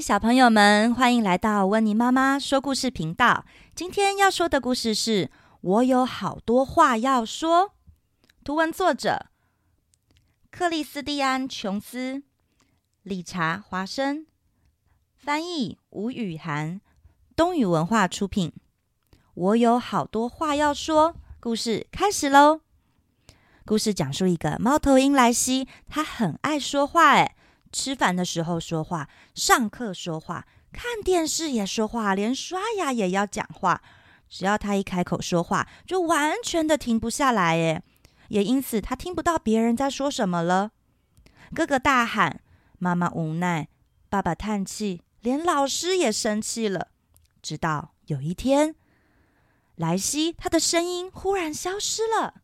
小朋友們，歡迎來到溫妮媽媽說故事頻道。今天要說的故事是《我有好多話要說》。圖文作者：克里絲蒂安·瓊斯、理查·華生。翻譯：吳羽涵。東雨文化出品。我有好多話要說，故事開始嘍！故事講述一個貓頭鷹萊希，她很愛說話，哎。吃飯的時候說話，上課說話，看電視也說話，連刷牙也要講話。只要她一開口說話，就完全的停不下來。哎，也因此她聽不到別人在說什麼了。哥哥大喊，媽媽無奈，爸爸嘆氣，連老師也生氣了。直到有一天，萊希她的聲音忽然消失了，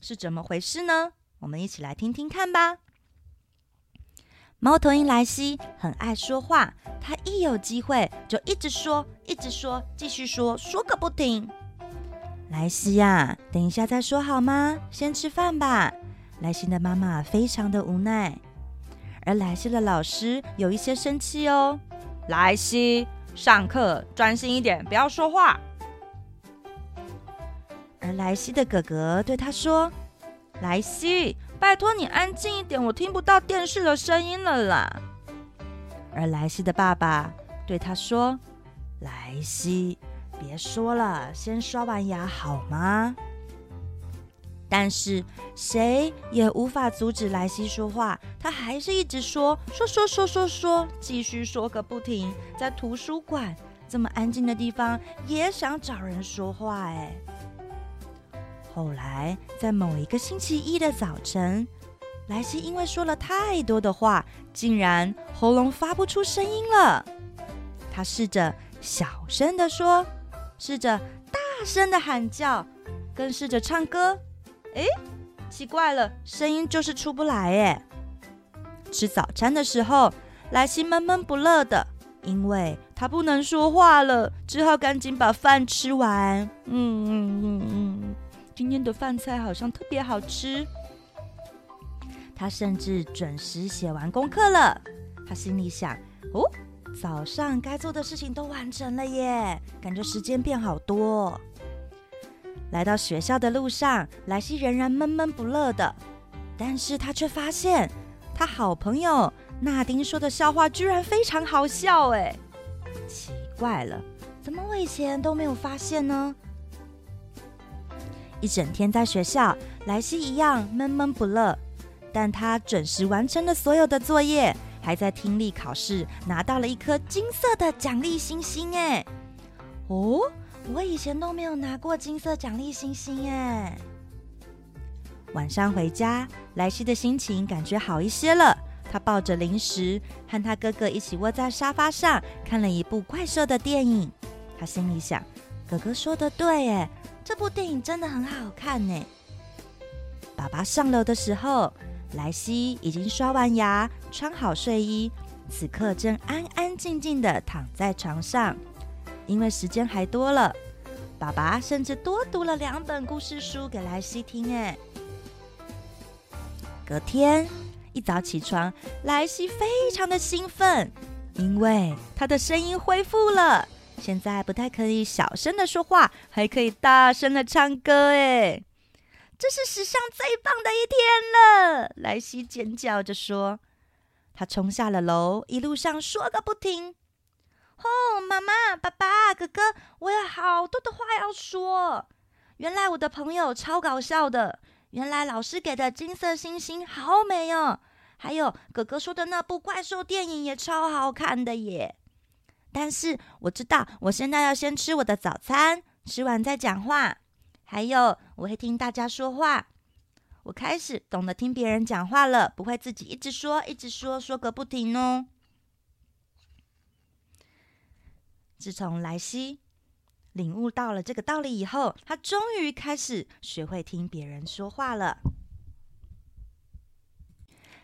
是怎麼回事呢？我們一起來聽聽看吧。貓頭鷹萊希很愛說話，她一有機會就一直說，一直說，繼續說，說個不停。萊希呀，等一下再說好嗎？先吃飯吧。萊希的媽媽非常的無奈，而萊希的老師有一些生氣哦。萊希，上課專心一點，不要說話。而萊希的哥哥對他說：“萊希。”拜託你安靜一點，我聽不到電視的聲音了啦。而萊西的爸爸對他說：“萊西，別說了，先刷完牙好嗎？”但是誰也無法阻止萊西說話，他還是一直說說說說說說，繼續說個不停。在圖書館這麼安靜的地方，也想找人說話哎、欸。後來，在某一個星期一的早晨，萊希因為說了太多的話，竟然喉嚨發不出聲音了。她試着小聲的說，試着大聲的喊叫，更試着唱歌。哎，奇怪了，聲音就是出不來。哎，吃早餐的時候，萊希悶悶不樂的，因為她不能說話了，只好趕緊把飯吃完。嗯嗯嗯。嗯今天的飯菜好像特別好吃。他甚至準時寫完功課了，他心裡想：“哦，早上該做的事情都完成了耶，感覺時間變好多。”來到學校的路上，萊西仍然悶悶不樂的，但是他卻發現，他好朋友娜丁說的笑話居然非常好笑，誒，奇怪了，怎麼我以前都沒有發現呢？一整天在學校，萊希一樣悶悶不樂，但他準時完成了所有的作業，還在聽力考試拿到了一顆金色的獎勵星星。誒哦，我以前都沒有拿過金色獎勵星星。誒，晚上回家，萊希的心情感覺好一些了。他抱着零食，和他哥哥一起窩在沙發上看了一部怪獸的電影。他心裡想。哥哥說的對，耶，這部電影真的很好看呢。爸爸上樓的時候，萊西已經刷完牙，穿好睡衣，此刻正安安靜靜的躺在床上，因為時間還多了，爸爸甚至多讀了兩本故事書給萊西聽。哎，隔天一早起床，萊西非常的興奮，因為她的聲音恢復了。現在不太可以小聲的說話，還可以大聲的唱歌哎！這是史上最棒的一天了！萊希尖叫着說。她衝下了樓，一路上說個不停。吼、哦，媽媽、爸爸、哥哥，我有好多的話要說。原來我的朋友超搞笑的，原來老師給的金色星星好美哦，還有哥哥說的那部怪獸電影也超好看的耶。但是我知道，我現在要先吃我的早餐，吃完再講話。還有，我會聽大家說話。我開始懂得聽別人講話了，不會自己一直說、一直說、說個不停哦。自從萊希領悟到了這個道理以後，他終於開始學會聽別人說話了。